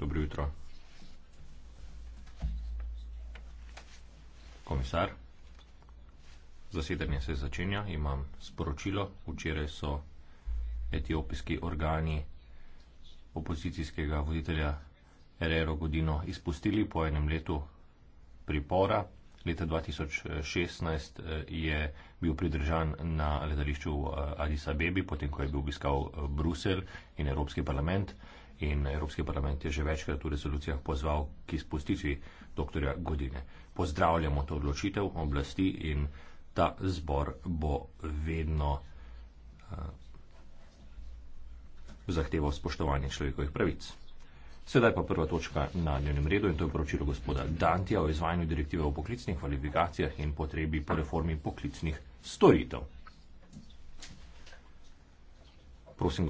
Dobro jutro. Komisar, zasedanje se začenja. Imam sporočilo. Včeraj so etiopijski organi opozicijskega voditelja Erero Godino izpustili po enem letu pripora leta 2016 eh, je bil pridržan na letališču eh, Adisa Bebi, potem ko je bil obiskal eh, Brusel in Evropski parlament. In Evropski parlament je že večkrat v rezolucijah pozval k izpustitvi dr. Godine. Pozdravljamo to odločitev oblasti in ta zbor bo vedno uh, zahteval spoštovanje človekovih pravic. Sedaj pa prva točka na dnevnem redu in to je poročilo gospoda Dantija o izvajanju direktive o poklicnih kvalifikacijah in potrebi po reformi poklicnih storitev. Prosim.